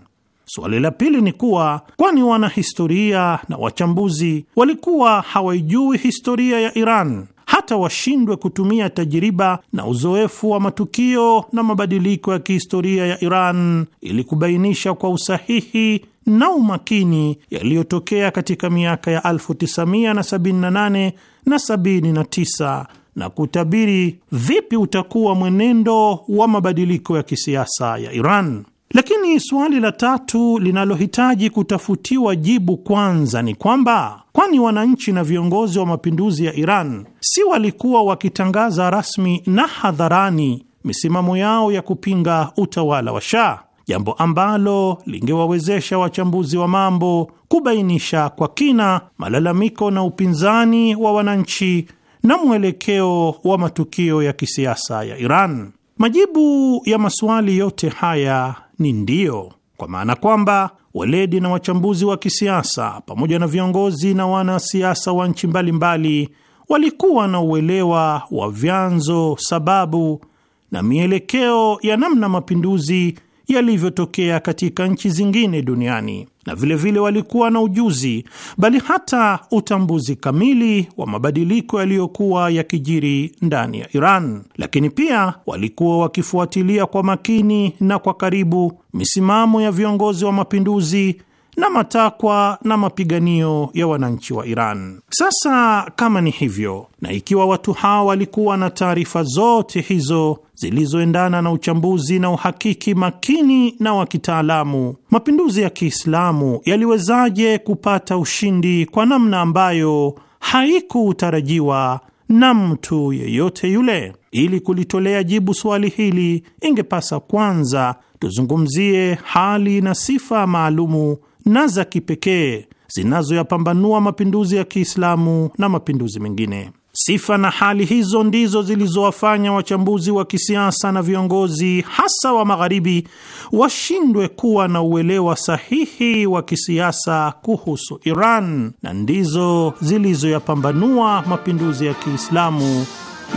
C: Suali la pili ni kuwa kwani wanahistoria na wachambuzi walikuwa hawaijui historia ya Iran hata washindwe kutumia tajiriba na uzoefu wa matukio na mabadiliko ya kihistoria ya Iran ili kubainisha kwa usahihi na umakini yaliyotokea katika miaka ya 1978 na 79 na kutabiri vipi utakuwa mwenendo wa mabadiliko ya kisiasa ya Iran. Lakini suali la tatu linalohitaji kutafutiwa jibu kwanza ni kwamba kwani wananchi na viongozi wa mapinduzi ya Iran si walikuwa wakitangaza rasmi na hadharani misimamo yao ya kupinga utawala wa Shah, jambo ambalo lingewawezesha wachambuzi wa mambo kubainisha kwa kina malalamiko na upinzani wa wananchi na mwelekeo wa matukio ya kisiasa ya Iran. Majibu ya maswali yote haya ni ndio, kwa maana kwamba weledi na wachambuzi wa kisiasa pamoja na viongozi na wanasiasa wa nchi mbalimbali walikuwa na uelewa wa vyanzo, sababu na mielekeo ya namna mapinduzi yalivyotokea katika nchi zingine duniani, na vilevile vile walikuwa na ujuzi, bali hata utambuzi kamili wa mabadiliko yaliyokuwa yakijiri ndani ya Iran. Lakini pia walikuwa wakifuatilia kwa makini na kwa karibu misimamo ya viongozi wa mapinduzi na matakwa na mapiganio ya wananchi wa Iran. Sasa kama ni hivyo, na ikiwa watu hawa walikuwa na taarifa zote hizo zilizoendana na uchambuzi na uhakiki makini na wa kitaalamu, mapinduzi ya Kiislamu yaliwezaje kupata ushindi kwa namna ambayo haikutarajiwa na mtu yeyote yule? Ili kulitolea jibu swali hili, ingepasa kwanza tuzungumzie hali na sifa maalumu na za kipekee zinazoyapambanua mapinduzi ya Kiislamu na mapinduzi mengine. Sifa na hali hizo ndizo zilizowafanya wachambuzi wa kisiasa na viongozi hasa wa Magharibi washindwe kuwa na uelewa sahihi wa kisiasa kuhusu Iran na ndizo zilizoyapambanua mapinduzi ya Kiislamu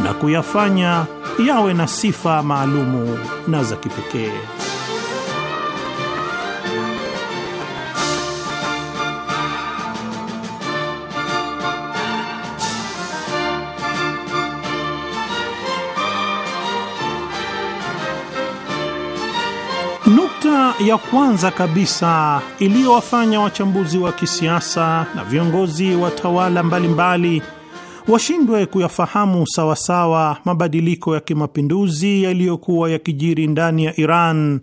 C: na kuyafanya yawe na sifa maalumu na za kipekee. ya kwanza kabisa iliyowafanya wachambuzi wa kisiasa na viongozi wa tawala mbalimbali washindwe kuyafahamu sawasawa mabadiliko ya kimapinduzi yaliyokuwa yakijiri ndani ya Iran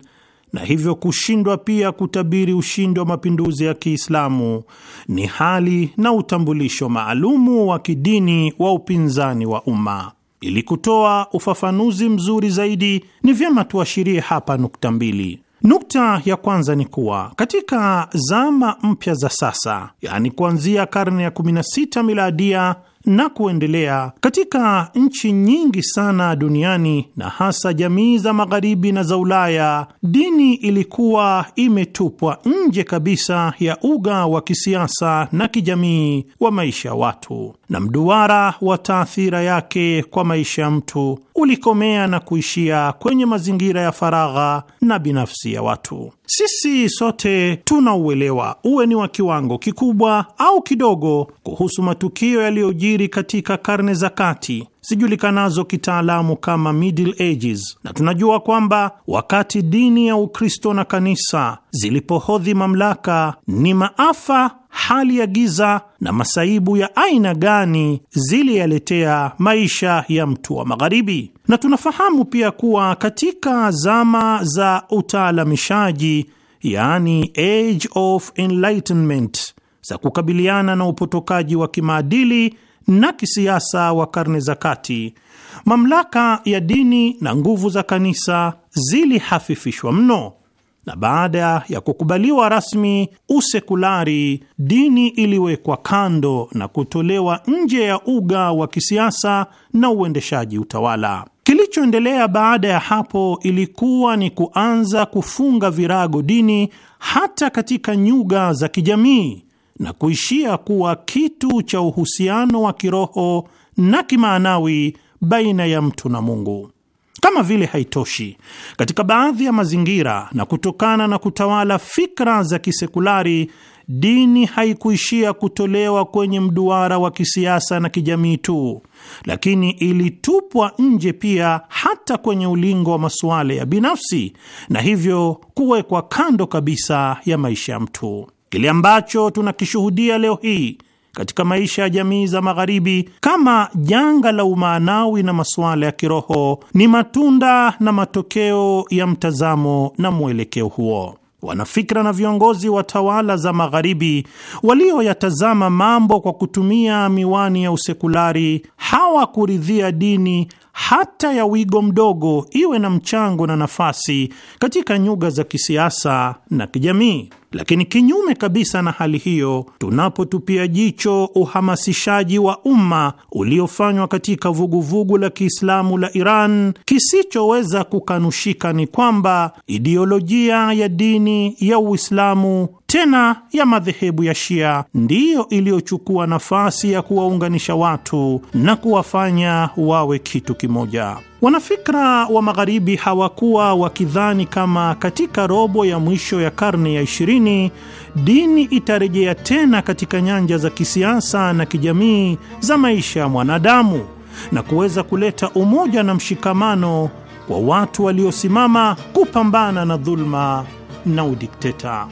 C: na hivyo kushindwa pia kutabiri ushindi wa mapinduzi ya Kiislamu ni hali na utambulisho maalumu wa kidini wa upinzani wa umma. Ili kutoa ufafanuzi mzuri zaidi, ni vyema tuashirie hapa nukta mbili. Nukta ya kwanza ni kuwa katika zama mpya za sasa, yaani kuanzia karne ya 16 miladia na kuendelea katika nchi nyingi sana duniani na hasa jamii za magharibi na za Ulaya, dini ilikuwa imetupwa nje kabisa ya uga wa kisiasa na kijamii wa maisha ya watu, na mduara wa taathira yake kwa maisha ya mtu ulikomea na kuishia kwenye mazingira ya faragha na binafsi ya watu. Sisi sote tuna uwe ni wa kiwango kikubwa au kidogo, kuhusu matukio yaliyojiri katika karne za kati zijulikanazo kitaalamu kama Middle Ages, na tunajua kwamba wakati dini ya Ukristo na kanisa zilipohodhi mamlaka, ni maafa, hali ya giza na masaibu ya aina gani ziliyaletea maisha ya mtu wa Magharibi na tunafahamu pia kuwa katika zama za utaalamishaji, yani age of enlightenment, za kukabiliana na upotokaji wa kimaadili na kisiasa wa karne za kati, mamlaka ya dini na nguvu za kanisa zilihafifishwa mno, na baada ya kukubaliwa rasmi usekulari, dini iliwekwa kando na kutolewa nje ya uga wa kisiasa na uendeshaji utawala. Kilichoendelea baada ya hapo ilikuwa ni kuanza kufunga virago dini hata katika nyuga za kijamii na kuishia kuwa kitu cha uhusiano wa kiroho na kimaanawi baina ya mtu na Mungu. Kama vile haitoshi, katika baadhi ya mazingira na kutokana na kutawala fikra za kisekulari dini haikuishia kutolewa kwenye mduara wa kisiasa na kijamii tu, lakini ilitupwa nje pia hata kwenye ulingo wa masuala ya binafsi, na hivyo kuwekwa kando kabisa ya maisha ya mtu. Kile ambacho tunakishuhudia leo hii katika maisha ya jamii za Magharibi kama janga la umaanawi na masuala ya kiroho ni matunda na matokeo ya mtazamo na mwelekeo huo wanafikra na viongozi wa tawala za Magharibi walioyatazama mambo kwa kutumia miwani ya usekulari hawakuridhia dini hata ya wigo mdogo iwe na mchango na nafasi katika nyuga za kisiasa na kijamii. Lakini kinyume kabisa na hali hiyo, tunapotupia jicho uhamasishaji wa umma uliofanywa katika vuguvugu vugu la Kiislamu la Iran, kisichoweza kukanushika ni kwamba idiolojia ya dini ya Uislamu tena ya madhehebu ya Shia ndiyo iliyochukua nafasi ya kuwaunganisha watu na kuwafanya wawe kitu kimoja. Wanafikra wa Magharibi hawakuwa wakidhani kama katika robo ya mwisho ya karne ya ishirini dini itarejea tena katika nyanja za kisiasa na kijamii za maisha ya mwanadamu na kuweza kuleta umoja na mshikamano kwa watu waliosimama kupambana na dhuluma na udikteta.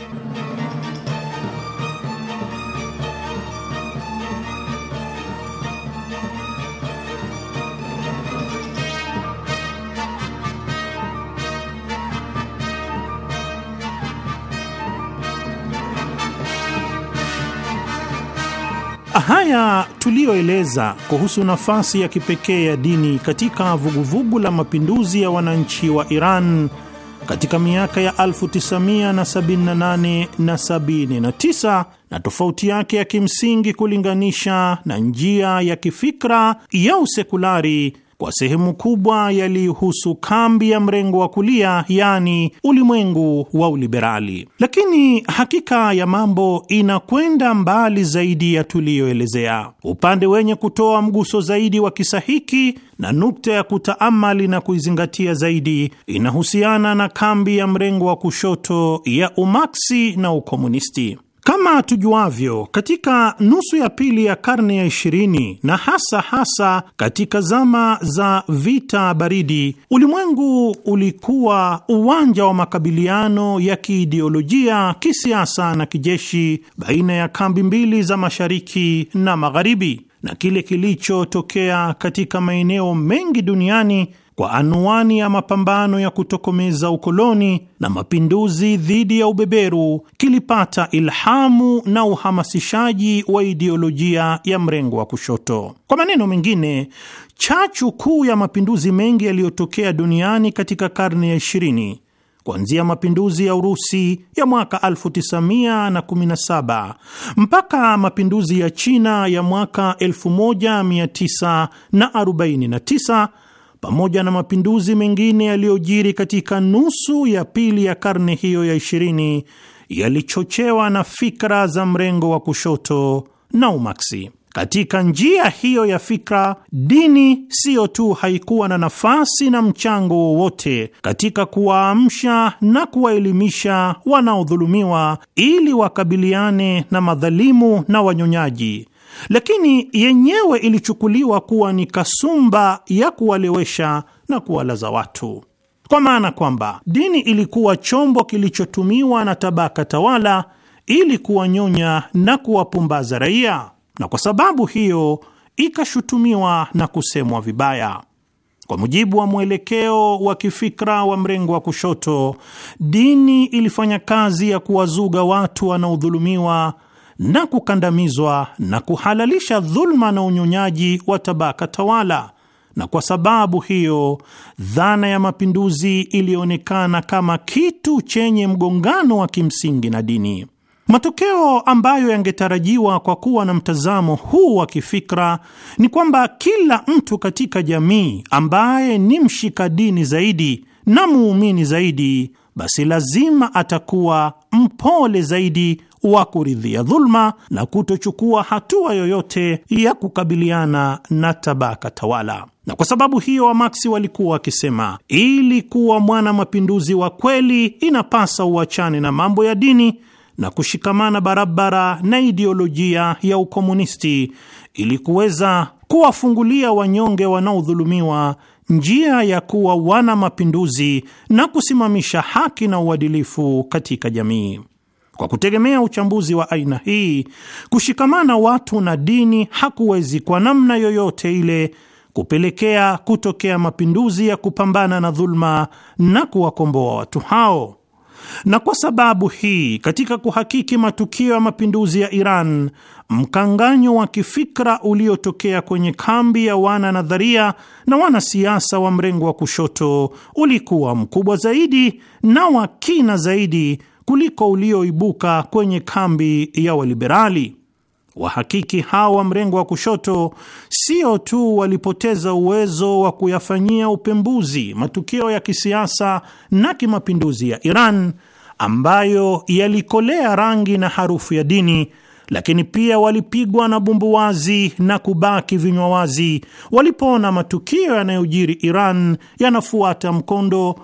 C: haya tuliyoeleza kuhusu nafasi ya kipekee ya dini katika vuguvugu la mapinduzi ya wananchi wa Iran katika miaka ya 1978 na 79 na tofauti yake ya kimsingi kulinganisha na njia ya kifikra ya usekulari kwa sehemu kubwa yalihusu kambi ya mrengo wa kulia, yaani ulimwengu wa uliberali. Lakini hakika ya mambo inakwenda mbali zaidi ya tuliyoelezea. Upande wenye kutoa mguso zaidi wa kisa hiki na nukta ya kutaamali na kuizingatia zaidi inahusiana na kambi ya mrengo wa kushoto ya umaksi na ukomunisti. Kama tujuavyo, katika nusu ya pili ya karne ya ishirini na hasa hasa katika zama za vita baridi, ulimwengu ulikuwa uwanja wa makabiliano ya kiideolojia kisiasa na kijeshi baina ya kambi mbili za mashariki na magharibi, na kile kilichotokea katika maeneo mengi duniani kwa anwani ya mapambano ya kutokomeza ukoloni na mapinduzi dhidi ya ubeberu kilipata ilhamu na uhamasishaji wa idiolojia ya mrengo wa kushoto. Kwa maneno mengine, chachu kuu ya mapinduzi mengi yaliyotokea duniani katika karne ya ishirini kuanzia mapinduzi ya Urusi ya mwaka 1917 mpaka mapinduzi ya China ya mwaka 1949 pamoja na mapinduzi mengine yaliyojiri katika nusu ya pili ya karne hiyo ya ishirini yalichochewa na fikra za mrengo wa kushoto na umaksi. Katika njia hiyo ya fikra, dini siyo tu haikuwa na nafasi na mchango wowote katika kuwaamsha na kuwaelimisha wanaodhulumiwa ili wakabiliane na madhalimu na wanyonyaji lakini yenyewe ilichukuliwa kuwa ni kasumba ya kuwalewesha na kuwalaza watu, kwa maana kwamba dini ilikuwa chombo kilichotumiwa na tabaka tawala ili kuwanyonya na kuwapumbaza raia, na kwa sababu hiyo ikashutumiwa na kusemwa vibaya. Kwa mujibu wa mwelekeo wa kifikra wa mrengo wa kushoto, dini ilifanya kazi ya kuwazuga watu wanaodhulumiwa na kukandamizwa na kuhalalisha dhuluma na unyonyaji wa tabaka tawala, na kwa sababu hiyo dhana ya mapinduzi ilionekana kama kitu chenye mgongano wa kimsingi na dini. Matokeo ambayo yangetarajiwa kwa kuwa na mtazamo huu wa kifikra ni kwamba kila mtu katika jamii ambaye ni mshika dini zaidi na muumini zaidi, basi lazima atakuwa mpole zaidi wa kuridhia dhuluma na kutochukua hatua yoyote ya kukabiliana na tabaka tawala. Na kwa sababu hiyo, Wamaksi walikuwa wakisema, ili kuwa mwana mapinduzi wa kweli inapasa uachane na mambo ya dini na kushikamana barabara na ideolojia ya ukomunisti ili kuweza kuwafungulia wanyonge wanaodhulumiwa njia ya kuwa wana mapinduzi na kusimamisha haki na uadilifu katika jamii. Kwa kutegemea uchambuzi wa aina hii, kushikamana watu na dini hakuwezi kwa namna yoyote ile kupelekea kutokea mapinduzi ya kupambana na dhuluma na kuwakomboa watu hao. Na kwa sababu hii, katika kuhakiki matukio ya mapinduzi ya Iran, mkanganyo wa kifikra uliotokea kwenye kambi ya wana nadharia na wanasiasa wa mrengo wa kushoto ulikuwa mkubwa zaidi na wa kina zaidi kuliko ulioibuka kwenye kambi ya waliberali. Wahakiki hawa mrengo wa kushoto sio tu walipoteza uwezo wa kuyafanyia upembuzi matukio ya kisiasa na kimapinduzi ya Iran ambayo yalikolea rangi na harufu ya dini, lakini pia walipigwa na bumbuwazi na kubaki vinywa wazi walipoona matukio yanayojiri Iran yanafuata mkondo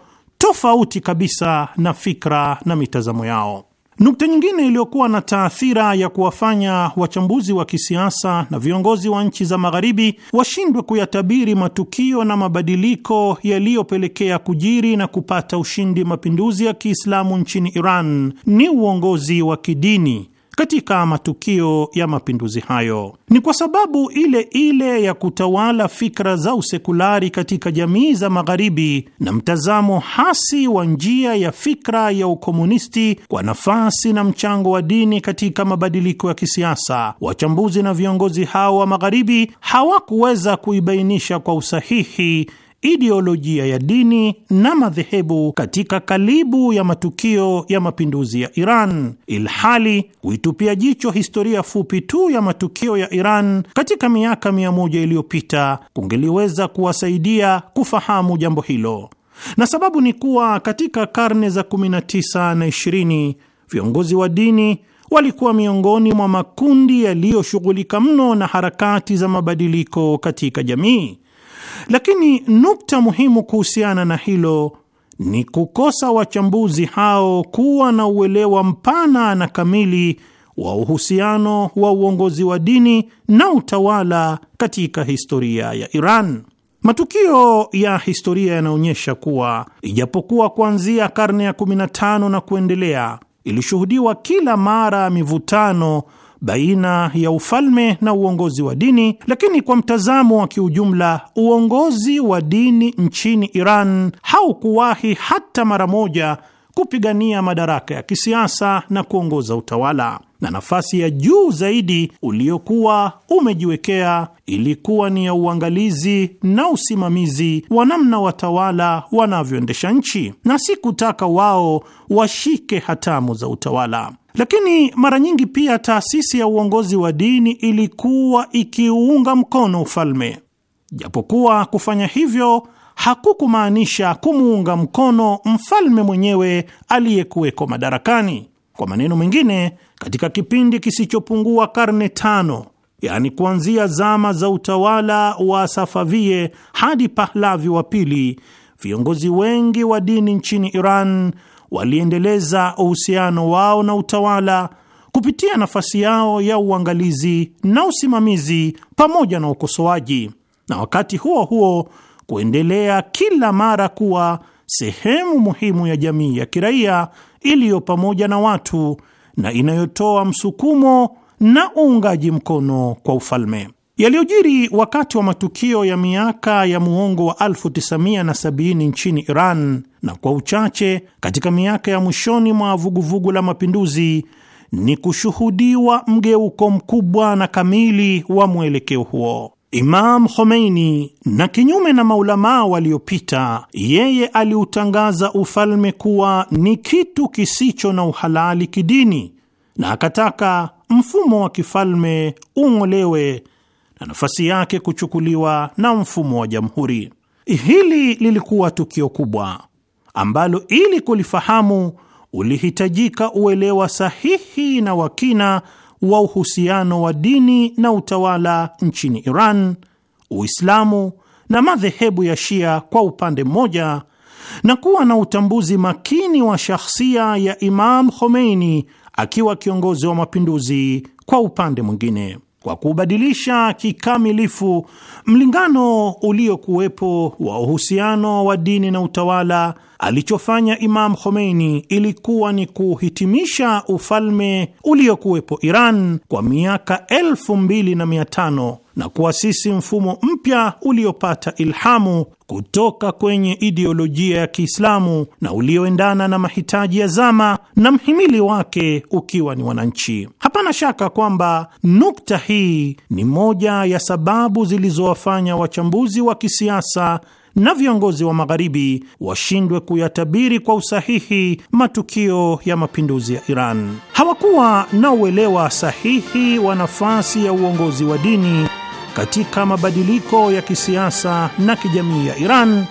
C: tofauti kabisa na fikra na mitazamo yao. Nukta nyingine iliyokuwa na taathira ya kuwafanya wachambuzi wa kisiasa na viongozi wa nchi za Magharibi washindwe kuyatabiri matukio na mabadiliko yaliyopelekea kujiri na kupata ushindi mapinduzi ya Kiislamu nchini Iran ni uongozi wa kidini katika matukio ya mapinduzi hayo. Ni kwa sababu ile ile ya kutawala fikra za usekulari katika jamii za Magharibi na mtazamo hasi wa njia ya fikra ya ukomunisti kwa nafasi na mchango wa dini katika mabadiliko ya kisiasa, wachambuzi na viongozi hao wa Magharibi hawakuweza kuibainisha kwa usahihi ideolojia ya dini na madhehebu katika kalibu ya matukio ya mapinduzi ya Iran, ilhali kuitupia jicho historia fupi tu ya matukio ya Iran katika miaka mia moja iliyopita kungeliweza kuwasaidia kufahamu jambo hilo, na sababu ni kuwa katika karne za 19 na 20 viongozi wa dini walikuwa miongoni mwa makundi yaliyoshughulika mno na harakati za mabadiliko katika jamii lakini nukta muhimu kuhusiana na hilo ni kukosa wachambuzi hao kuwa na uelewa mpana na kamili wa uhusiano wa uongozi wa dini na utawala katika historia ya Iran. Matukio ya historia yanaonyesha kuwa ijapokuwa kuanzia karne ya 15 na kuendelea ilishuhudiwa kila mara mivutano baina ya ufalme na uongozi wa dini, lakini kwa mtazamo wa kiujumla, uongozi wa dini nchini Iran haukuwahi hata mara moja kupigania madaraka ya kisiasa na kuongoza utawala, na nafasi ya juu zaidi uliokuwa umejiwekea ilikuwa ni ya uangalizi na usimamizi wa namna watawala wanavyoendesha nchi, na si kutaka wao washike hatamu za utawala. Lakini mara nyingi pia taasisi ya uongozi wa dini ilikuwa ikiuunga mkono ufalme, japokuwa kufanya hivyo hakukumaanisha kumuunga mkono mfalme mwenyewe aliyekuweko madarakani. Kwa maneno mengine, katika kipindi kisichopungua karne tano, yaani kuanzia zama za utawala wa Safavie hadi Pahlavi wa pili, viongozi wengi wa dini nchini Iran waliendeleza uhusiano wao na utawala kupitia nafasi yao ya uangalizi na usimamizi pamoja na ukosoaji, na wakati huo huo kuendelea kila mara kuwa sehemu muhimu ya jamii ya kiraia iliyo pamoja na watu na inayotoa msukumo na uungaji mkono kwa ufalme. Yaliyojiri wakati wa matukio ya miaka ya muongo wa 1970 nchini Iran na kwa uchache katika miaka ya mwishoni mwa vuguvugu la mapinduzi ni kushuhudiwa mgeuko mkubwa na kamili wa mwelekeo huo. Imam Khomeini, na kinyume na maulamaa waliopita, yeye aliutangaza ufalme kuwa ni kitu kisicho na uhalali kidini, na akataka mfumo wa kifalme ung'olewe na nafasi yake kuchukuliwa na mfumo wa jamhuri. Hili lilikuwa tukio kubwa ambalo ili kulifahamu ulihitajika uelewa sahihi na wakina wa uhusiano wa dini na utawala nchini Iran, Uislamu na madhehebu ya Shia kwa upande mmoja, na kuwa na utambuzi makini wa shahsia ya Imam Khomeini akiwa kiongozi wa mapinduzi kwa upande mwingine kwa kubadilisha kikamilifu mlingano uliokuwepo wa uhusiano wa dini na utawala. Alichofanya Imam Khomeini ilikuwa ni kuhitimisha ufalme uliokuwepo Iran kwa miaka elfu mbili na mia tano na kuasisi mfumo mpya uliopata ilhamu kutoka kwenye ideolojia ya Kiislamu na ulioendana na mahitaji ya zama na mhimili wake ukiwa ni wananchi. Hapana shaka kwamba nukta hii ni moja ya sababu zilizowafanya wachambuzi wa kisiasa na viongozi wa Magharibi washindwe kuyatabiri kwa usahihi matukio ya mapinduzi ya Iran. Hawakuwa na uelewa sahihi wa nafasi ya uongozi wa dini katika mabadiliko ya kisiasa na kijamii ya Iran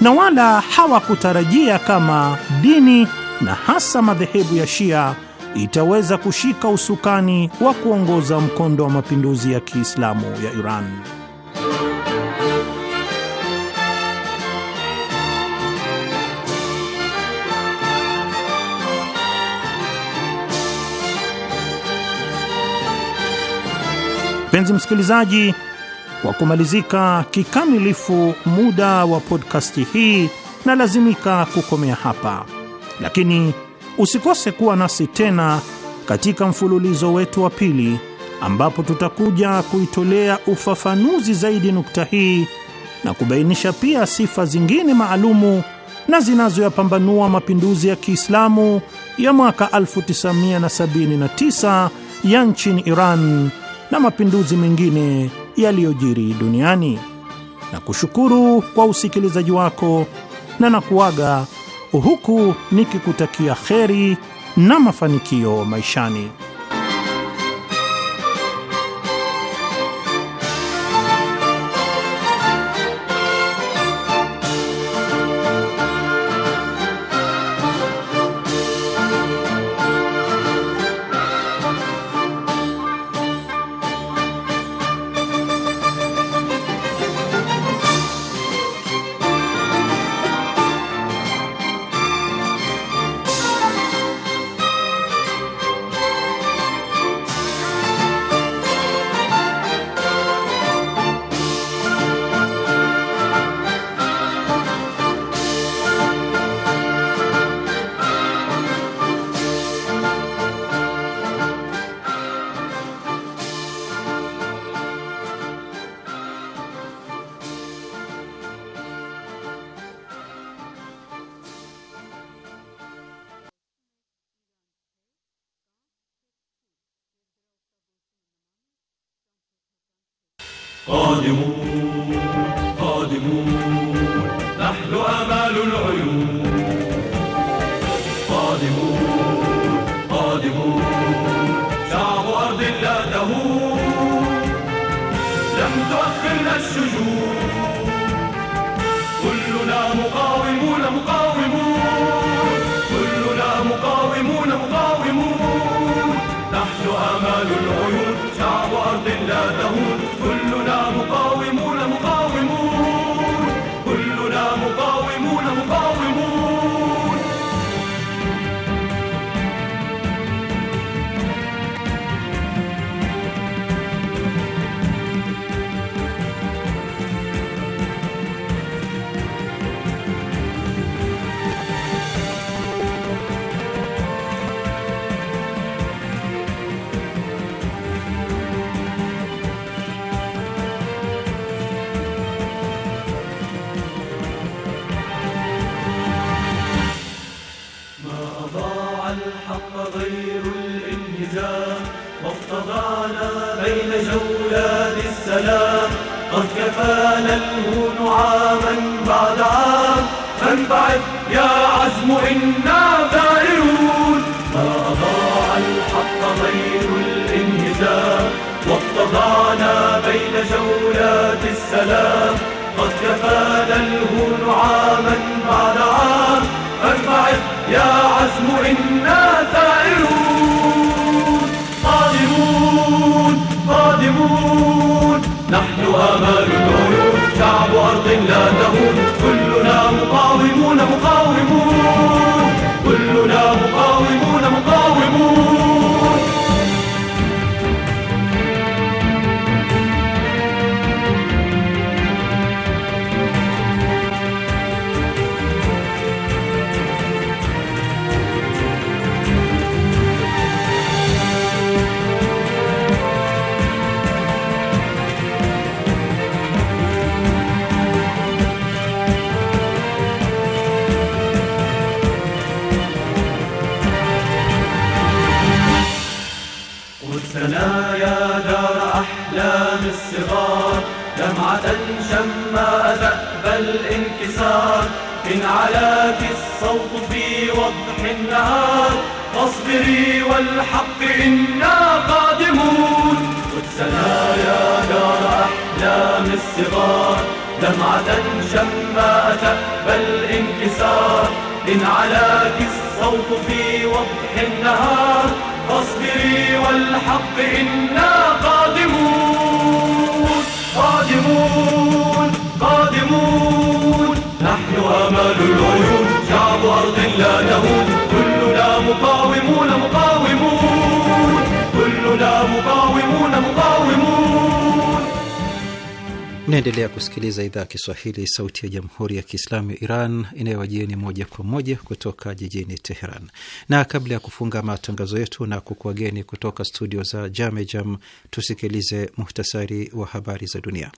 C: na wala hawakutarajia kama dini na hasa madhehebu ya Shia itaweza kushika usukani wa kuongoza mkondo wa mapinduzi ya Kiislamu ya Iran. Mpenzi msikilizaji, kwa kumalizika kikamilifu muda wa podkasti hii, nalazimika kukomea hapa, lakini usikose kuwa nasi tena katika mfululizo wetu wa pili, ambapo tutakuja kuitolea ufafanuzi zaidi nukta hii na kubainisha pia sifa zingine maalumu na zinazoyapambanua mapinduzi ya Kiislamu ya mwaka 1979 ya nchini Iran na mapinduzi mengine yaliyojiri duniani, na kushukuru kwa usikilizaji wako na nakuaga huku nikikutakia kheri na mafanikio maishani.
D: Juju. اجتمعنا بين جولات السلام قد كفانا الهون عاما بعد عام فانبعث يا عزم إنا ثائرون ما أضاع الحق غير الانهزام واقتضعنا بين جولات السلام قد كفانا الهون عاما بعد عام فانبعث يا عزم إنا العيون نحن آمال العيون شعب أرض لا تهون النهار فاصبري والحق إنا قادمون قدسنا يا دار أحلام الصغار دمعة شماء بل انكسار إن علاك الصوت في وضح النهار فاصبري والحق إنا قادمون
E: قادمون قادمون نحن
D: أمل العيون أرض لا نهون كلنا مقاومون مقاومون كلنا مقاومون مقاومون
B: kusikiliza idhaa ya Kiswahili, sauti ya jamhuri ya kiislamu ya Iran inayowajieni moja kwa moja kutoka jijini Teheran. Na kabla ya kufunga matangazo yetu na kukuageni kutoka studio za Jamejam, tusikilize muhtasari wa habari za dunia.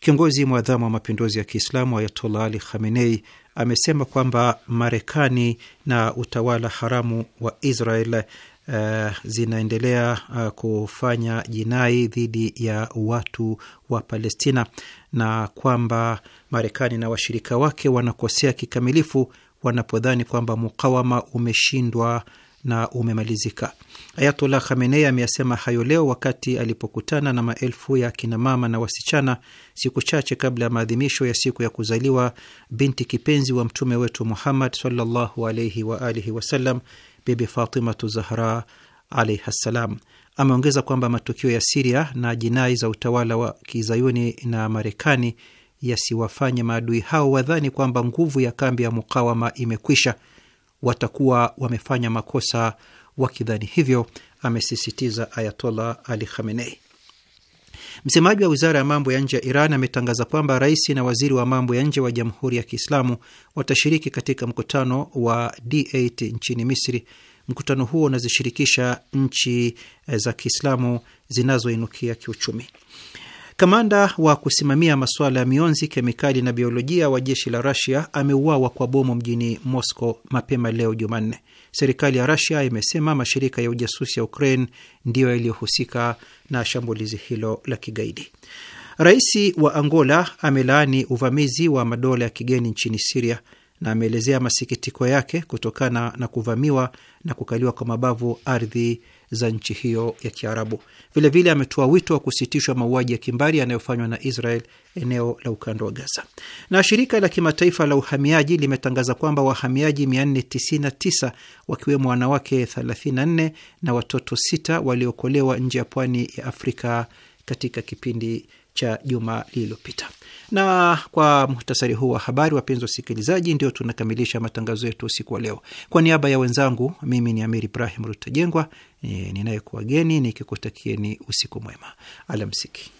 B: Kiongozi mwadhamu wa mapinduzi ya Kiislamu Ayatollah Ali Khamenei amesema kwamba Marekani na utawala haramu wa Israel Uh, zinaendelea uh, kufanya jinai dhidi ya watu wa Palestina na kwamba Marekani na washirika wake wanakosea kikamilifu wanapodhani kwamba mukawama umeshindwa na umemalizika. Ayatollah Khamenei ameyasema hayo leo wakati alipokutana na maelfu ya akinamama na wasichana siku chache kabla ya maadhimisho ya siku ya kuzaliwa binti kipenzi wa mtume wetu Muhammad sallallahu alaihi wasallam, Bibi Fatimatu Zahra alaihi ssalam. Ameongeza kwamba matukio ya Siria na jinai za utawala wa kizayuni na Marekani yasiwafanye maadui hao wadhani kwamba nguvu ya kambi ya mukawama imekwisha. Watakuwa wamefanya makosa wakidhani hivyo, amesisitiza Ayatollah Ali Khamenei. Msemaji wa wizara ya mambo ya nje ya Iran ametangaza kwamba rais na waziri wa mambo ya nje wa Jamhuri ya Kiislamu watashiriki katika mkutano wa D8 nchini Misri. Mkutano huo unazishirikisha nchi za Kiislamu zinazoinukia kiuchumi. Kamanda wa kusimamia masuala ya mionzi, kemikali na biolojia wa jeshi la Rasia ameuawa kwa bomu mjini Moscow mapema leo Jumanne. Serikali ya Rasia imesema mashirika ya ujasusi ya Ukraine ndiyo yaliyohusika na shambulizi hilo la kigaidi. Rais wa Angola amelaani uvamizi wa madola ya kigeni nchini Siria na ameelezea masikitiko yake kutokana na kuvamiwa na kukaliwa kwa mabavu ardhi za nchi hiyo ya Kiarabu. Vilevile ametoa wito wa kusitishwa mauaji ya kimbari yanayofanywa na Israel eneo la ukanda wa Gaza. Na shirika la kimataifa la uhamiaji limetangaza kwamba wahamiaji 499 wakiwemo wanawake 34 na watoto 6 waliokolewa nje ya pwani ya Afrika katika kipindi cha juma lililopita. Na kwa muhtasari huu wa habari, wapenzi wasikilizaji, ndio tunakamilisha matangazo yetu usiku wa leo. Kwa niaba ya wenzangu, mimi ni Amir Ibrahim Rutajengwa ninayekuwageni nikikutakieni usiku mwema, alamsiki.